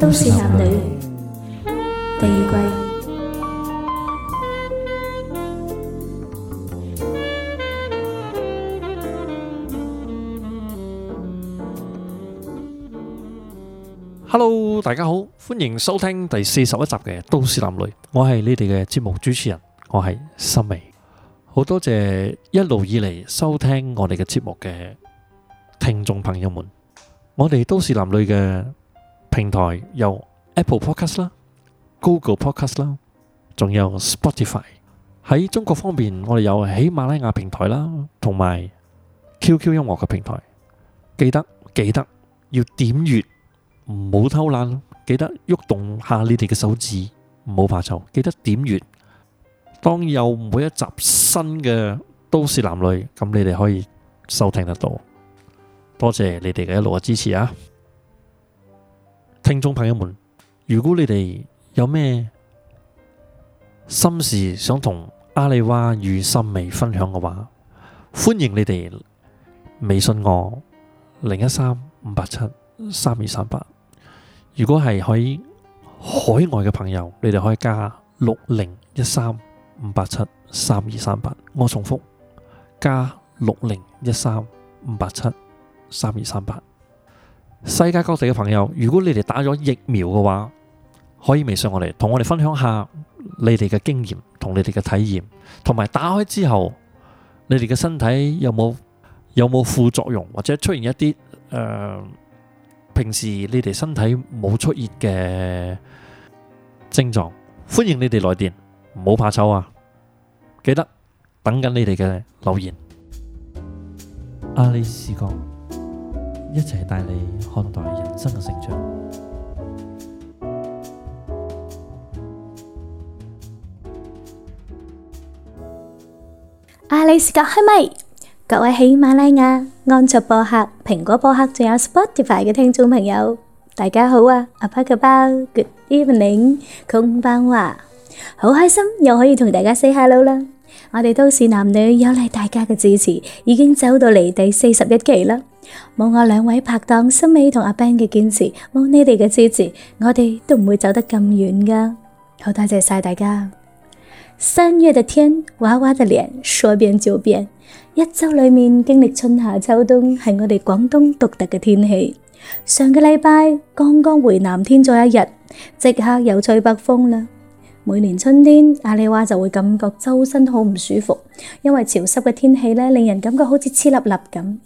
都市男女第二季。Hello，大家好，歡迎收聽第四十一集嘅《都市男女》，我係你哋嘅節目主持人，我係森美。好多謝一路以嚟收聽我哋嘅節目嘅聽眾朋友們，我哋《都市男女》嘅。平台有 Apple Podcast 啦、Google Podcast 啦，仲有 Spotify。喺中國方面，我哋有喜馬拉雅平台啦，同埋 QQ 音樂嘅平台。記得記得要點閱，唔好偷懶，記得喐動下你哋嘅手指，唔好怕醜，記得點閱。當有每一集新嘅都市男女，咁你哋可以收聽得到。多謝你哋嘅一路嘅支持啊！聽眾朋友們，如果你哋有咩心事想同阿里娃與森美分享嘅話，歡迎你哋微信我零一三五八七三二三八。如果係喺海外嘅朋友，你哋可以加六零一三五八七三二三八。我重複，加六零一三五八七三二三八。世界各地嘅朋友，如果你哋打咗疫苗嘅話，可以微信我哋，同我哋分享下你哋嘅經驗同你哋嘅體驗，同埋打開之後，你哋嘅身體有冇有冇副作用，或者出現一啲誒、呃、平時你哋身體冇出現嘅症狀，歡迎你哋來電，唔好怕醜啊！記得等緊你哋嘅留言。阿里士哥。一齊帶你看待人生嘅成長。阿里視覺開咪，各位喜馬拉雅、安卓播客、蘋果播客，仲有 Spotify 嘅聽眾朋友，大家好啊！阿伯嘅包，Good evening，空班話，好開心又可以同大家 say hello 啦。我哋都市男女，有賴大家嘅支持，已經走到嚟第四十一期啦。冇我兩位拍檔森美同阿 Ben 嘅堅持，冇你哋嘅支持，我哋都唔會走得咁遠噶。好多謝晒大家！三月嘅天，娃娃嘅臉，說變就變。一周裏面經歷春夏秋冬，係我哋廣東獨特嘅天氣。上個禮拜剛剛回南天咗一日，即刻又吹北風啦。每年春天，阿里娃就會感覺周身好唔舒服，因為潮濕嘅天氣咧，令人感覺好似黐粒粒咁。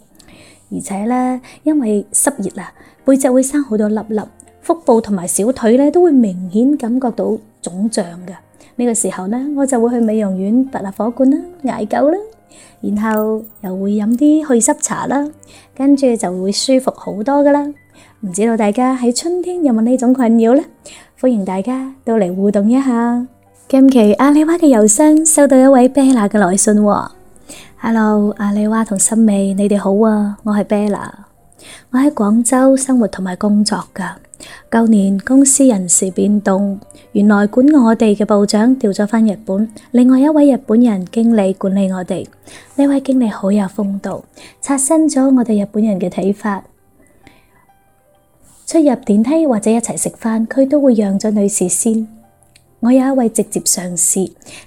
而且咧，因為濕熱啊，背脊會生好多粒粒，腹部同埋小腿咧都會明顯感覺到腫脹噶。呢、這個時候咧，我就會去美容院拔下火罐啦，艾灸啦，然後又會飲啲祛濕茶啦，跟住就會舒服好多噶啦。唔知道大家喺春天有冇呢種困擾咧？歡迎大家都嚟互動一下。近期阿里娃嘅郵箱收到一位貝拉嘅來信，哦。Hello，阿里娃同森美，你哋好啊！我係貝拉，我喺廣州生活同埋工作噶。舊年公司人事變動，原來管我哋嘅部長調咗翻日本，另外一位日本人經理管理我哋。呢位經理好有風度，刷新咗我對日本人嘅睇法。出入電梯或者一齊食飯，佢都會讓咗女士先。我有一位直接上司，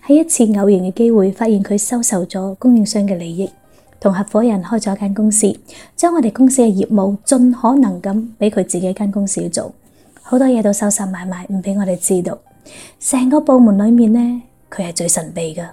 喺一次偶然嘅機會，發現佢收受咗供應商嘅利益，同合夥人開咗一間公司，將我哋公司嘅業務盡可能咁畀佢自己間公司做，好多嘢都收收埋埋唔畀我哋知道。成個部門裏面呢，佢係最神秘㗎，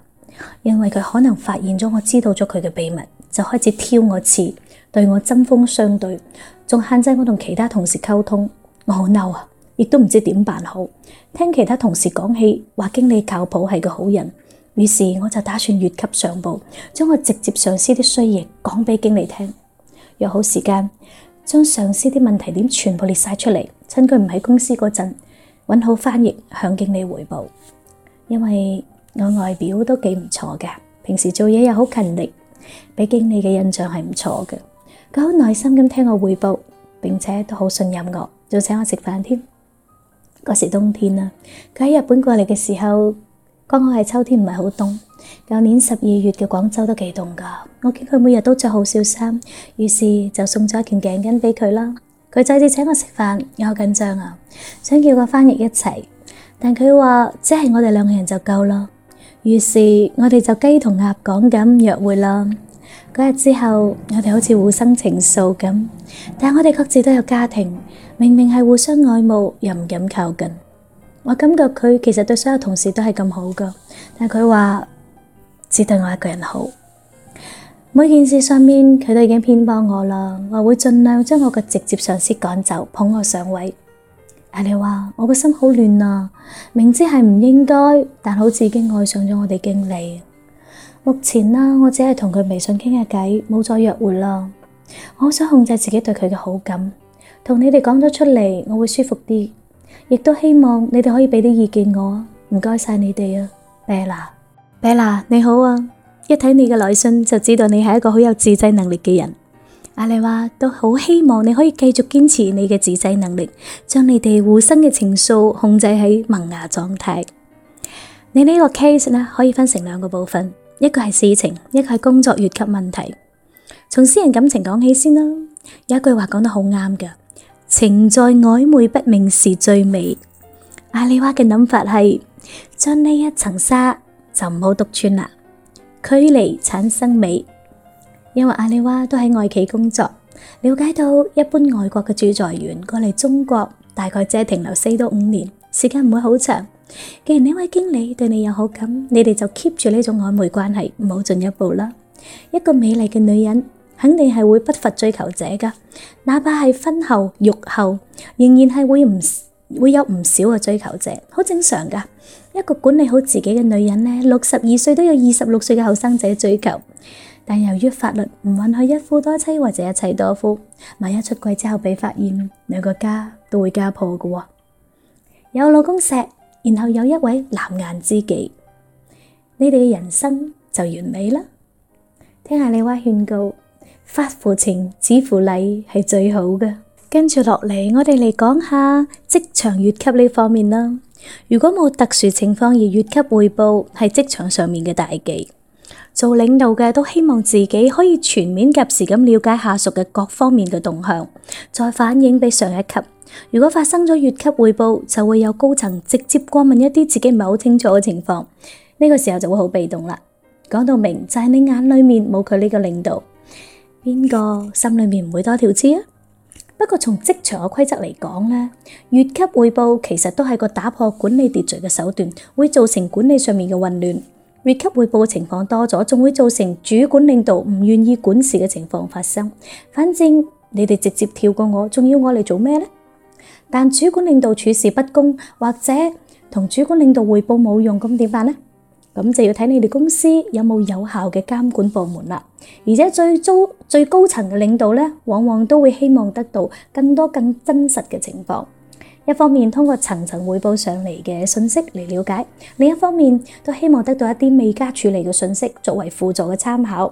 因為佢可能發現咗我知道咗佢嘅秘密，就開始挑我刺。對我針鋒相對，仲限製我同其他同事溝通，我好嬲啊！亦都唔知點辦好。聽其他同事講起，話經理靠譜係個好人，於是我就打算越級上報，將我直接上司的衰嘢講俾經理聽。約好時間，將上司啲問題點全部列晒出嚟，趁佢唔喺公司嗰陣，搵好翻譯向經理匯報。因為我外表都幾唔錯嘅，平時做嘢又好勤力，俾經理嘅印象係唔錯嘅。佢好耐心咁聽我匯報，並且都好信任我，仲請我食飯添。嗰時冬天啦，佢喺日本過嚟嘅時候剛好係秋天，唔係好凍。舊年十二月嘅廣州都幾凍噶。我見佢每日都着好少衫，於是就送咗一件頸巾俾佢啦。佢再次請我食飯，我好緊張啊，想叫個翻譯一齊，但佢話只係我哋兩個人就夠咯。於是我哋就雞同鴨講咁約會啦。嗰日之後，我哋好似互生情愫咁，但我哋各自都有家庭，明明係互相愛慕，又唔敢靠近。我感覺佢其實對所有同事都係咁好㗎，但係佢話只對我一個人好。每件事上面佢都已經偏幫我啦，我會盡量將我嘅直接上司趕走，捧我上位。阿你話我嘅心好亂啊，明知係唔應該，但好似已經愛上咗我哋經理。目前啦、啊，我只係同佢微信傾下偈，冇再約會啦。我好想控制自己對佢嘅好感，同你哋講咗出嚟，我會舒服啲，亦都希望你哋可以畀啲意見我。唔該晒你哋啊，貝娜，貝娜你好啊，一睇你嘅來信就知道你係一個好有自制能力嘅人。阿里娃都好希望你可以繼續堅持你嘅自制能力，將你哋互生嘅情愫控制喺萌芽狀態。你呢個 case 呢，可以分成兩個部分。一個係事情，一個係工作越級問題。從私人感情講起先啦，有一句話講得好啱嘅：情在曖昧不明時最美。阿里娃嘅諗法係將呢一層紗就唔好篤穿啦，距離產生美。因為阿里娃都喺外企工作，了解到一般外國嘅駐在員過嚟中國大概只係停留四到五年，時間唔會好長。既然呢位經理對你有好感，你哋就 keep 住呢種曖昧關係，唔好進一步啦。一個美麗嘅女人肯定係會不乏追求者噶，哪怕係婚後、育後，仍然係會唔會有唔少嘅追求者，好正常噶。一個管理好自己嘅女人呢，六十二歲都有二十六歲嘅後生仔追求。但由於法律唔允許一夫多妻或者一妻多夫，萬一出軌之後被發現，兩個家都會家破噶。有老公錫。然後有一位藍顏知己，你哋嘅人生就完美啦。聽下你話勸告，發乎情，止乎禮，係最好嘅。跟住落嚟，我哋嚟講下職場越級呢方面啦。如果冇特殊情況而越級匯報，係職場上面嘅大忌。做領導嘅都希望自己可以全面及時咁了解下屬嘅各方面嘅動向，再反映俾上一級。如果發生咗越級匯報，就會有高層直接過問一啲自己唔係好清楚嘅情況，呢、這個時候就會好被動啦。講到明就係、是、你眼裏面冇佢呢個領導，邊個心裏面唔會多條刺啊？不過從職場嘅規則嚟講呢，越級匯報其實都係個打破管理秩序嘅手段，會造成管理上面嘅混亂。越級匯報嘅情況多咗，仲會造成主管領導唔願意管事嘅情況發生。反正你哋直接跳過我，仲要我嚟做咩呢？但主管領導處事不公，或者同主管領導匯報冇用，咁點辦呢？咁就要睇你哋公司有冇有效嘅監管部門啦。而且最高，最高層嘅領導呢，往往都會希望得到更多更真實嘅情況。一方面通過層層匯報上嚟嘅信息嚟了解。另一方面都希望得到一啲未加處理嘅信息作為輔助嘅參考。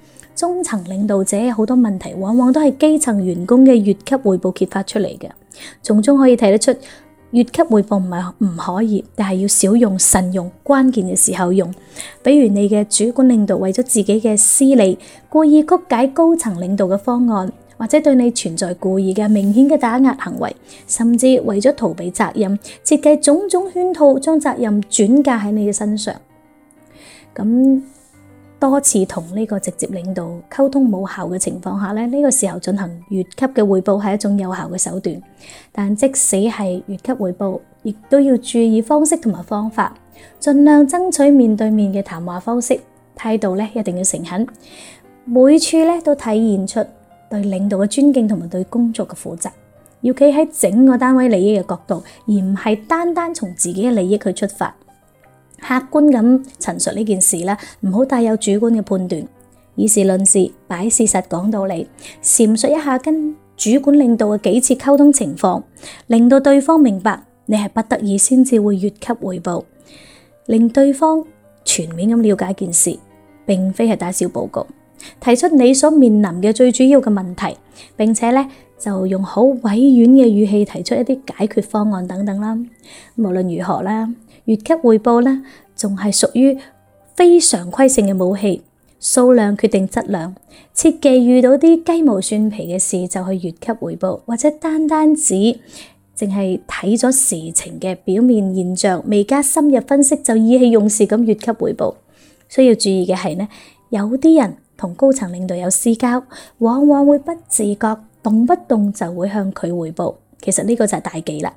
中層領導者有好多問題，往往都係基層員工嘅越級匯報揭發出嚟嘅，從中可以睇得出越級匯報唔係唔可以，但係要少用、慎用，關鍵嘅時候用。比如你嘅主管領導為咗自己嘅私利，故意曲解高層領導嘅方案，或者對你存在故意嘅明顯嘅打壓行為，甚至為咗逃避責任，設計種種圈套，將責任轉嫁喺你嘅身上。咁多次同呢個直接領導溝通冇效嘅情況下咧，呢、這個時候進行越級嘅匯報係一種有效嘅手段。但即使係越級匯報，亦都要注意方式同埋方法，盡量爭取面對面嘅談話方式。態度咧一定要誠懇，每次咧都體現出對領導嘅尊敬同埋對工作嘅負責。要企喺整個單位利益嘅角度，而唔係單單從自己嘅利益去出發。客觀咁陳述呢件事啦，唔好帶有主觀嘅判斷，以事論事，擺事實講道理，闡述一下跟主管領導嘅幾次溝通情況，令到對方明白你係不得已先至會越級匯報，令對方全面咁了解一件事，並非係打小報告，提出你所面臨嘅最主要嘅問題，並且咧就用好委婉嘅語氣提出一啲解決方案等等啦。無論如何啦。越級匯報咧，仲係屬於非常規性嘅武器，數量決定質量。切忌遇到啲雞毛蒜皮嘅事就去越級匯報，或者單單只淨係睇咗事情嘅表面現象，未加深入分析就意氣用事咁越級匯報。需要注意嘅係呢，有啲人同高層領導有私交，往往會不自覺，動不動就會向佢匯報。其實呢個就係大忌啦。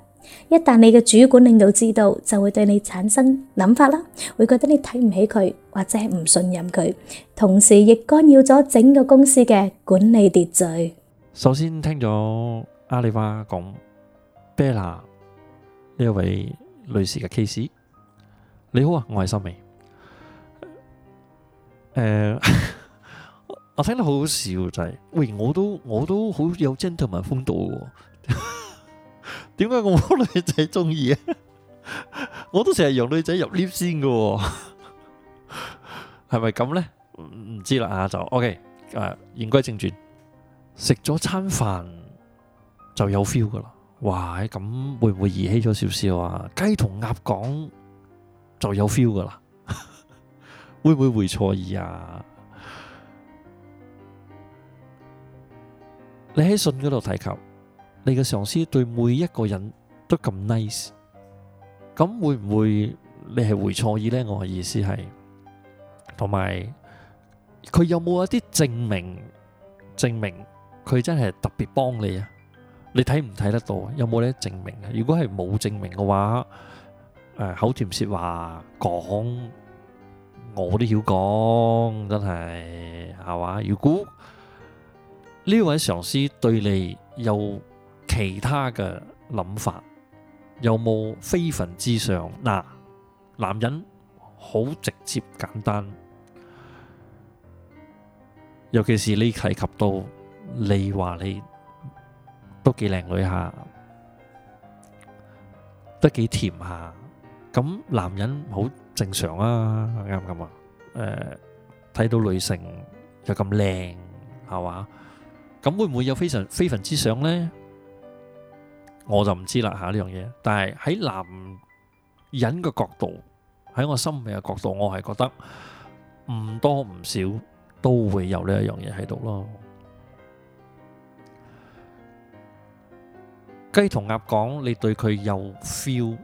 一旦你嘅主管領導知道，就會對你產生諗法啦，會覺得你睇唔起佢，或者係唔信任佢，同時亦干擾咗整個公司嘅管理秩序。首先聽咗阿里娃講，貝娜呢位女士嘅 case，你好啊，我係森美。誒、呃， 我聽得好笑就係、是，喂，我都我都好有 gentleman 風度、啊。 點解我冇女仔中意啊？ 我都成日讓女仔入 lift 先噶，係咪咁呢？唔知啦啊，就 OK、呃。誒，言歸正傳，食咗餐飯就有 feel 噶啦。哇，咁會唔會兒戲咗少少啊？雞同鴨講就有 feel 噶啦， 會唔會會錯意啊？你喺信嗰度睇球。你嘅上司對每一個人都咁 nice，咁會唔會你係會錯意呢？我嘅意思係，同埋佢有冇一啲證明？證明佢真係特別幫你啊？你睇唔睇得到？有冇呢證明啊？如果係冇證明嘅話，誒口甜舌滑講，我都要講，真係係嘛？如果呢位上司對你又...其他嘅諗法有冇非分之想？嗱，男人好直接簡單，尤其是你提及到你話你都幾靚女下，得幾甜下，咁男人好正常啊，啱唔啱啊？誒，睇到女性又咁靚係嘛，咁會唔會有非常非分之想呢？我就唔知啦吓，呢樣嘢，但係喺男人嘅角度，喺我心裏嘅角度，我係覺得唔多唔少都會有呢一樣嘢喺度咯。雞同鴨講，你對佢有 feel，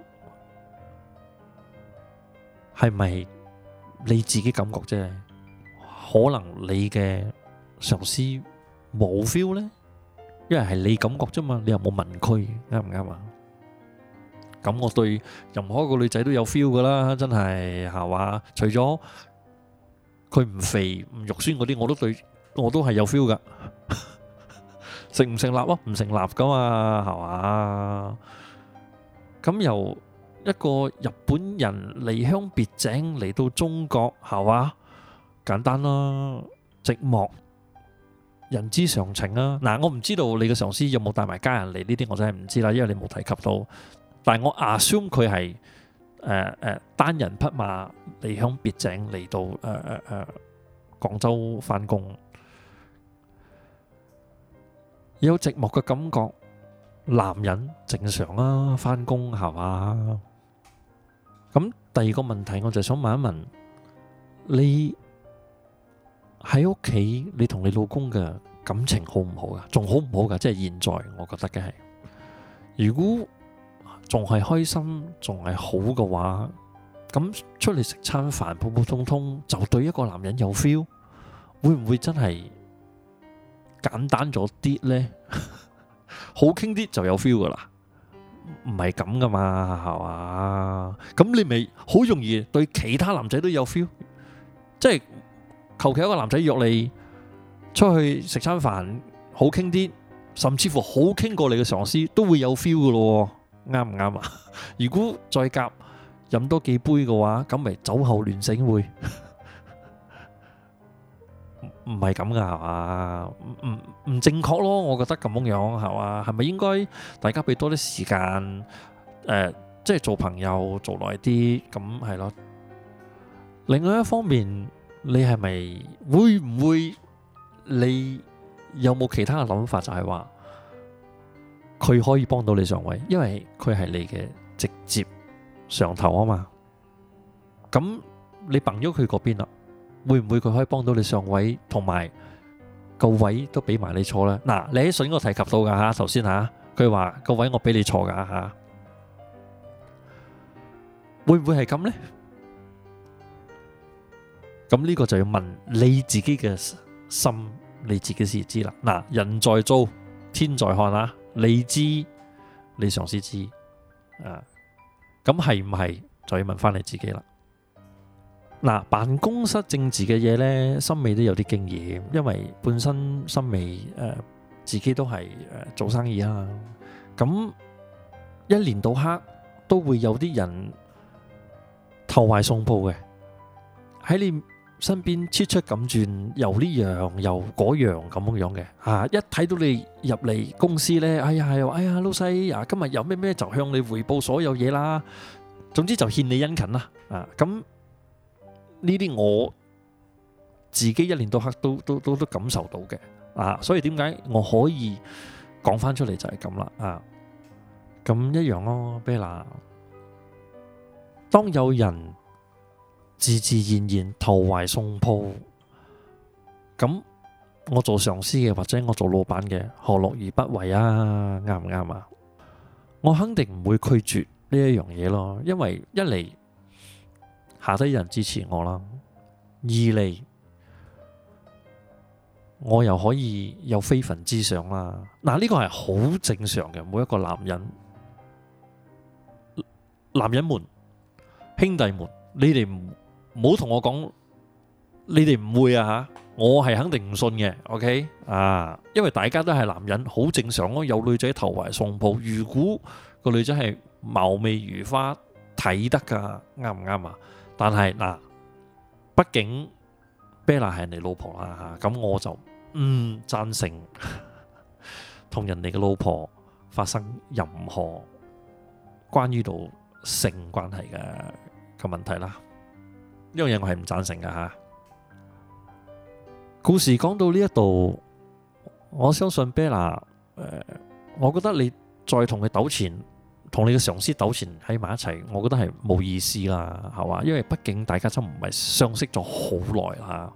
係咪你自己感覺啫？可能你嘅上司冇 feel 呢？因為係你感覺啫嘛，你又冇問佢啱唔啱啊？咁我對任何一個女仔都有 feel 噶啦，真係係嘛？除咗佢唔肥唔肉酸嗰啲，我都對我都係有 feel 噶。成唔成立啊？唔成立噶嘛，係嘛？咁由一個日本人離鄉別井嚟到中國，係嘛？簡單咯，寂寞。人之常情啊！嗱，我唔知道你嘅上司有冇帶埋家人嚟，呢啲我真係唔知啦，因為你冇提及到。但係我 assume 佢係誒誒單人匹馬離鄉別井嚟到誒誒誒廣州返工，有寂寞嘅感覺。男人正常啊，返工係嘛？咁第二個問題，我就想問一問你。喺屋企，你同你老公嘅感情好唔好噶？仲好唔好噶？即係現在，我覺得嘅係，如果仲係開心，仲係好嘅話，咁出嚟食餐飯，普普通通就對一個男人有 feel，會唔會真係簡單咗啲呢？ 好傾啲就有 feel 噶啦，唔係咁噶嘛，係嘛？咁你咪好容易對其他男仔都有 feel，即係。求其一個男仔約你出去食餐飯，好傾啲，甚至乎好傾過你嘅上司都會有 feel 噶咯，啱唔啱啊？如果再夾飲多幾杯嘅話，咁咪酒後亂性會唔係咁噶係嘛？唔唔唔正確咯，我覺得咁樣樣係嘛？係咪應該大家俾多啲時間？誒，即係做朋友做耐啲，咁係咯。另外一方面。你係咪會唔會？你有冇其他嘅諗法，就是，就係話佢可以幫到你上位，因為佢係你嘅直接上頭啊嘛。咁你憑咗佢嗰邊啦，會唔會佢可以幫到你上位？同埋個位都俾埋你坐咧。嗱，你喺順我提及到噶吓，頭先吓，佢、啊、話個位我俾你坐噶吓、啊，會唔會係咁咧？咁呢個就要問你自己嘅心，你自己先知啦。嗱，人在做，天在看啊！你知，你嘗試知啊？咁係唔係？就要問翻你自己啦。嗱、啊，辦公室政治嘅嘢呢，森美都有啲經驗，因為本身森美誒、呃，自己都係誒、呃、做生意啊。咁、啊、一年到黑都會有啲人投懷送抱嘅，喺你身邊切出咁轉，又呢樣又嗰樣咁樣嘅嚇，一睇到你入嚟公司呢，哎呀又哎呀老細啊，今日有咩咩就向你彙報所有嘢啦，總之就欠你殷勤啦啊！咁呢啲我自己一年到黑都都都都感受到嘅啊，所以點解我可以講返出嚟就係咁啦啊！咁一樣咯，比如嗱，當有人。自自然然投懷送抱，咁我做上司嘅，或者我做老闆嘅，何樂而不為啊？啱唔啱啊？我肯定唔會拒絕呢一樣嘢咯，因為一嚟下低有人支持我啦，二嚟我又可以有非分之想啦。嗱，呢個係好正常嘅，每一個男人，男人們、兄弟們，你哋唔？唔好同我講，你哋唔會啊吓，我係肯定唔信嘅，OK 啊？因為大家都係男人，好正常咯、啊，有女仔投懷送抱。如果個女仔係貌美如花，睇得噶，啱唔啱啊？但係嗱，畢竟 Bella 係人哋老婆啦吓，咁我就唔贊、嗯、成同 人哋嘅老婆發生任何關於到性關係嘅嘅問題啦。呢樣嘢，我係唔贊成嘅吓、啊，故事講到呢一度，我相信 Bella，誒，我覺得你再同佢糾纏，同你嘅上司糾纏喺埋一齊，我覺得係冇意思啦，係嘛？因為畢竟大家真唔係相識咗好耐啦，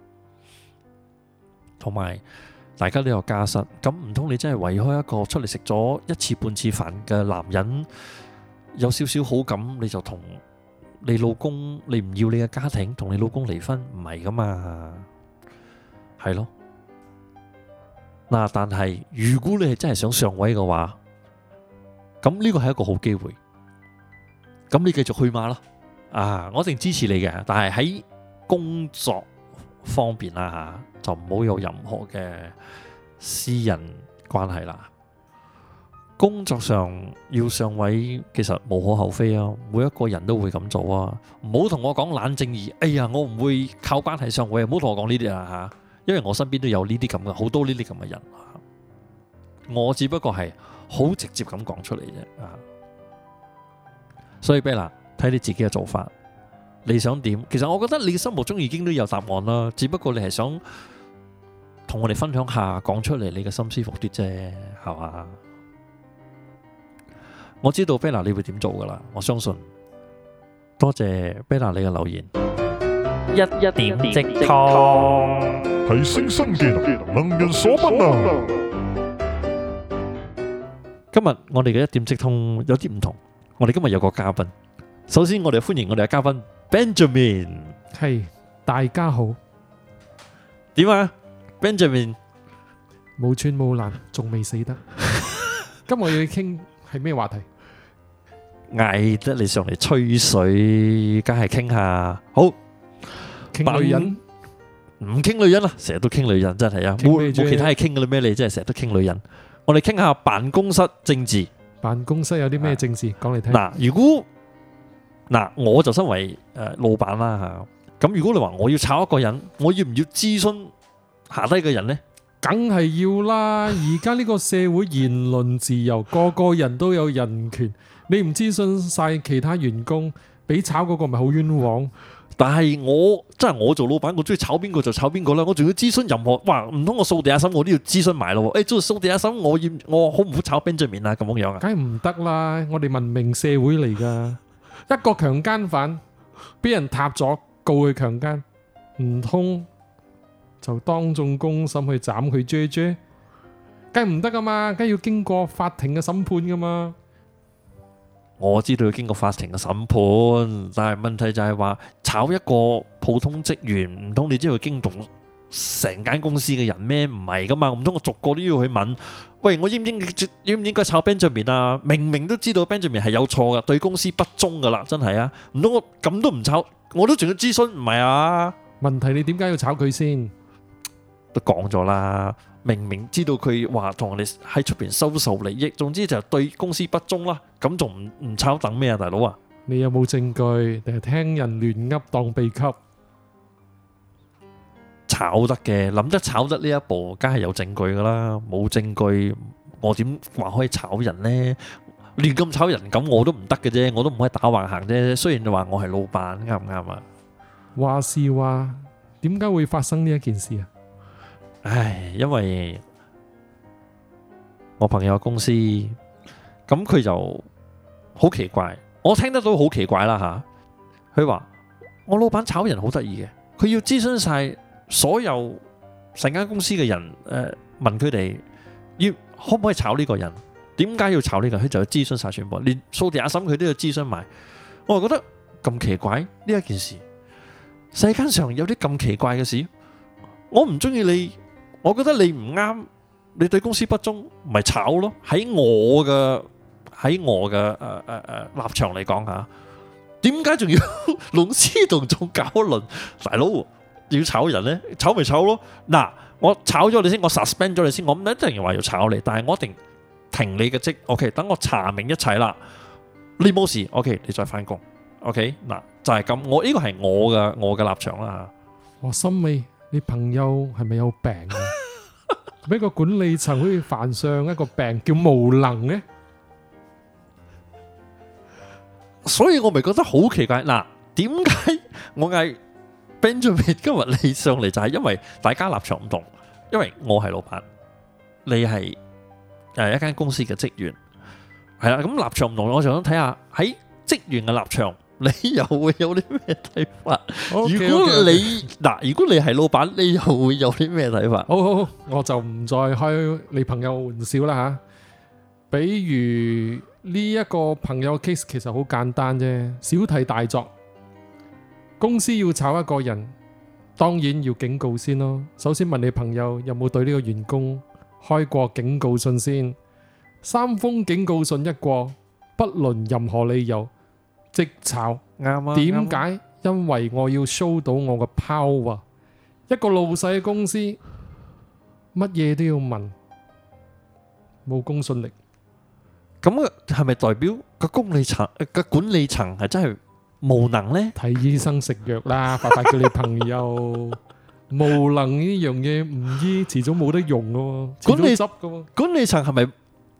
同、啊、埋大家都有家室，咁唔通你真係為開一個出嚟食咗一次半次飯嘅男人有少少好感，你就同？你老公，你唔要你嘅家庭同你老公離婚唔係噶嘛？係咯？嗱，但係如果你係真係想上位嘅話，咁呢個係一個好機會，咁你繼續去馬啦，啊，我一定支持你嘅。但係喺工作方面啦吓，就唔好有任何嘅私人關係啦。工作上要上位，其實無可厚非啊！每一個人都會咁做啊！唔好同我講冷靜而，哎呀，我唔會靠關係上位。唔好同我講呢啲啊吓，因為我身邊都有呢啲咁嘅，好多呢啲咁嘅人。我只不過係好直接咁講出嚟啫啊！所以 Bella，睇你自己嘅做法，你想點？其實我覺得你心目中已經都有答案啦，只不過你係想同我哋分享下，講出嚟你嘅心思服啲啫，係嘛？我知道菲娜你會點做噶啦，我相信。多謝菲娜你嘅留言，一一點直通提升身段，能人所不能。今日我哋嘅一點直通有啲唔同，我哋今日有個嘉賓。首先我哋歡迎我哋嘅嘉賓 Benjamin，係，大家好。點啊，Benjamin，冇穿冇爛，仲未死得。今日要傾係咩話題？嗌得你上嚟吹水，梗係傾下好。傾女人唔傾女人啦，成日都傾女人真係啊，冇其他嘢傾嘅啦咩？你真係成日都傾女人。我哋傾下辦公室政治。辦公室有啲咩政治講嚟、啊、聽？嗱，如果嗱，我就身為誒老闆啦吓，咁如果你話我要炒一個人，我要唔要諮詢下低嘅人呢？梗係要啦。而家呢個社會言論自由，個 個人都有人，有人權。你唔諮詢晒其他員工，俾炒嗰個咪好冤枉？但係我真係我做老闆，我中意炒邊個就炒邊個啦。我仲要咨詢任何，哇！唔通我掃地阿嬸，我都要咨詢埋咯？誒、欸，做掃地阿嬸，我要我好唔好炒 Benjamin 啊？咁樣樣啊？梗係唔得啦！我哋文明社會嚟噶。 一個強姦犯俾人踏咗，告佢強姦，唔通就當眾公審去斬佢啫啫？梗係唔得噶嘛！梗係要經過法庭嘅審判噶嘛？我知道要經過法庭嘅審判，但係問題就係話炒一個普通職員，唔通你知道驚動成間公司嘅人咩？唔係噶嘛，唔通我逐個都要去問？喂，我應唔應應唔應該炒 Benjamin 啊？明明都知道 Benjamin 係有錯噶，對公司不忠噶啦，真係啊！唔通我咁都唔炒，我都仲要諮詢？唔係啊？問題你點解要炒佢先？都講咗啦。明明知道佢話同人哋喺出邊收受利益，總之就對公司不忠啦。咁仲唔唔炒等咩啊，大佬啊？你有冇證據定係聽人亂噏當秘笈炒得嘅？諗得炒得呢一步，梗係有證據噶啦。冇證據，我點話可以炒人呢？亂咁炒人咁，我都唔得嘅啫。我都唔可以打橫行啫。雖然你話我係老闆，啱唔啱啊？話是話，點解會發生呢一件事啊？唉，因為我朋友公司咁，佢就好奇怪，我聽得到好奇怪啦吓。佢話我老闆炒人好得意嘅，佢要諮詢晒所有成間公司嘅人，誒問佢哋，要可唔可以炒呢個人？點解要炒呢個人？佢就要諮詢晒全部，連掃地阿嬸佢都要諮詢埋。我覺得咁奇怪呢一件事，世界上有啲咁奇怪嘅事，我唔中意你。我覺得你唔啱，你對公司不忠，咪炒咯。喺我嘅喺我嘅誒誒誒立場嚟講吓，點解仲要弄痴同做搞一輪大佬要炒人呢？炒咪炒咯。嗱，我炒咗你先，我 suspend 咗你先，我唔一定要話要炒你，但係我一定停你嘅職。OK，等我查明一切啦，你冇事。OK，你再翻工。OK，嗱就係咁，我呢個係我嘅我嘅立場啦。哇，森美，你朋友係咪有病？俾個管理層好似犯上一個病叫無能咧，所以我咪覺得好奇怪嗱，點解我嗌 Benjamin 今日你上嚟，就係因為大家立場唔同，因為我係老闆，你係誒一間公司嘅職員，係啦，咁立場唔同，我就想睇下喺職員嘅立場。你又會有啲咩睇法？如果你嗱，如果你係老闆，你又會有啲咩睇法？好好，我就唔再開你朋友玩笑啦吓。比如呢一個朋友 case 其實好簡單啫，小題大作。公司要炒一個人，當然要警告先咯。首先問你朋友有冇對呢個員工開過警告信先，三封警告信一過，不論任何理由。即炒，點解？因為我要 show 到我嘅 power。一個老細嘅公司，乜嘢都要問，冇公信力。咁係咪代表個管理層個管理層係真係無能呢？睇醫生食藥啦，白白叫你朋友。無能呢樣嘢唔醫，遲早冇得用噶。管理，管理層係咪？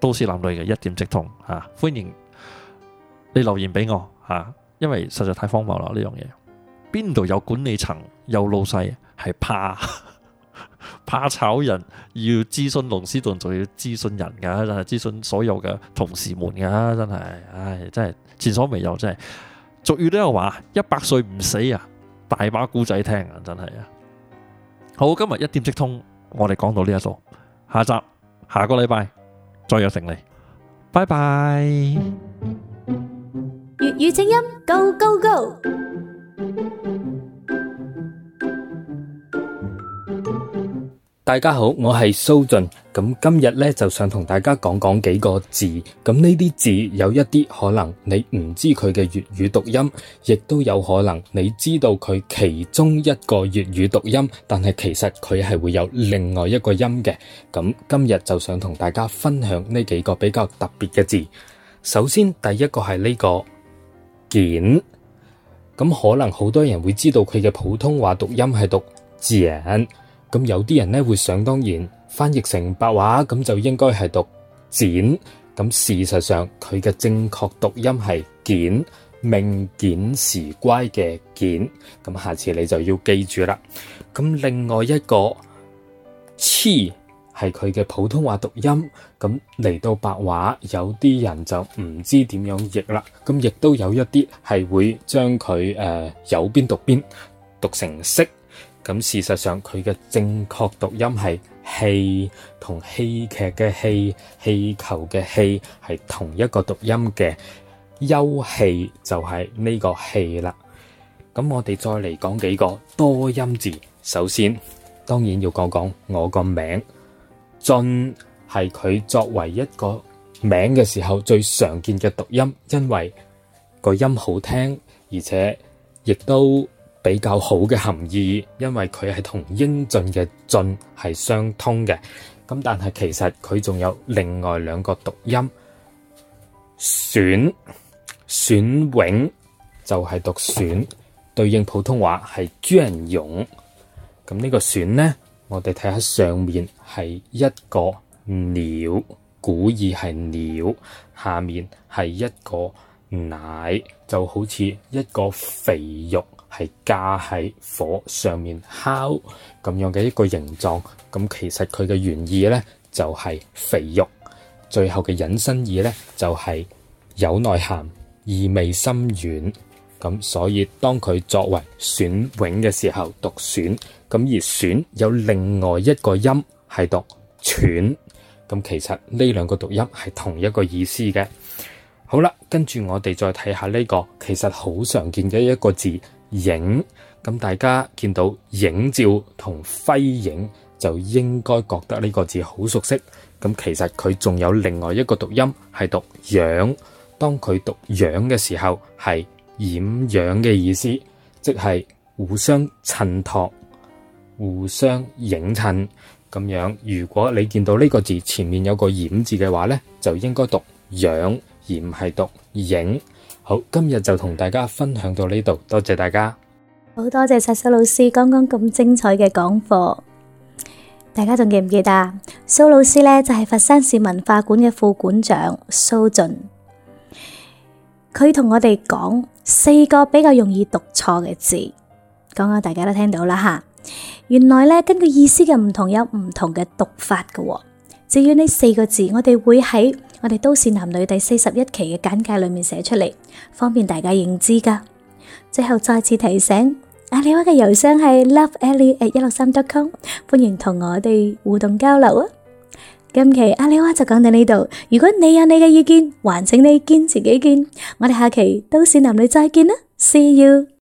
都市男女嘅，一點即通嚇、啊。歡迎你留言俾我嚇、啊，因為實在太荒謬啦呢樣嘢。邊度有管理層有老細係怕呵呵怕炒人？要諮詢龍斯頓，就要諮詢人噶，就、啊、係諮詢所有嘅同事們噶、啊。真係，唉、哎，真係前所未有，真係俗語都有話一百歲唔死啊，大把古仔聽啊，真係啊。好，今日一點即通，我哋講到呢一度，下集下個禮拜。再有成績，拜拜！粵語清音，Go Go Go！大家好，我係蘇俊，咁今日咧，就想同大家講講幾個字，咁呢啲字有一啲可能你唔知佢嘅粵語讀音，亦都有可能你知道佢其中一個粵語讀音，但係其實佢係會有另外一個音嘅，咁今日就想同大家分享呢幾個比較特別嘅字。首先第一個係呢個件。咁可能好多人會知道佢嘅普通話讀音係讀見。咁有啲人咧會想當然，翻譯成白話咁就應該係讀剪，咁事實上佢嘅正確讀音係件，命件時乖嘅件，咁下次你就要記住啦。咁另外一個痴係佢嘅普通話讀音，咁嚟到白話，有啲人就唔知點樣譯啦。咁亦都有一啲係會將佢誒有邊讀邊讀成識。咁事實上，佢嘅正確讀音係戲同戲劇嘅戲、氣球嘅氣係同一個讀音嘅。優戲就係呢個戲啦。咁我哋再嚟講幾個多音字。首先，當然要講講我個名，俊係佢作為一個名嘅時候最常見嘅讀音，因為個音好聽，而且亦都，比較好嘅含義，因為佢係同英俊嘅俊係相通嘅。咁但係其實佢仲有另外兩個讀音，選選永就係、是、讀選，對應普通話係專用。咁呢個選呢，我哋睇下上面係一個鳥，古義係鳥，下面係一個。奶就好似一個肥肉係架喺火上面烤咁樣嘅一個形狀，咁其實佢嘅原意咧就係肥肉，最後嘅引申義咧就係有內涵、意味深遠。咁所以當佢作為選永嘅時候讀選，咁而選有另外一個音係讀喘，咁其實呢兩個讀音係同一個意思嘅。好啦，跟住我哋再睇下呢、這個其實好常見嘅一個字映。咁、嗯、大家見到映照同輝映，就應該覺得呢個字好熟悉。咁、嗯、其實佢仲有另外一個讀音係讀樣。當佢讀樣嘅時候，係掩映嘅意思，即係互相襯托、互相映襯咁樣。如果你見到呢個字前面有個掩字嘅話呢就應該讀樣。而唔係讀而影。好，今日就同大家分享到呢度，多謝大家。好，多謝晒蘇老師剛剛咁精彩嘅講課，大家仲記唔記得啊？蘇老師呢就係、是、佛山市文化館嘅副館長蘇俊，佢同我哋講四個比較容易讀錯嘅字，剛剛大家都聽到啦吓。原來呢，根據意思嘅唔同有唔同嘅讀法㗎喎，至於呢四個字，我哋會喺。我哋都市男女第四十一期嘅簡介裏面寫出嚟，方便大家認知噶。最後再次提醒，阿里娃嘅郵箱係 loveellie@ 一六三 .com，歡迎同我哋互動交流啊！今期阿里娃就講到呢度，如果你有你嘅意見，還請你堅持己見。我哋下期都市男女再見啦，see you。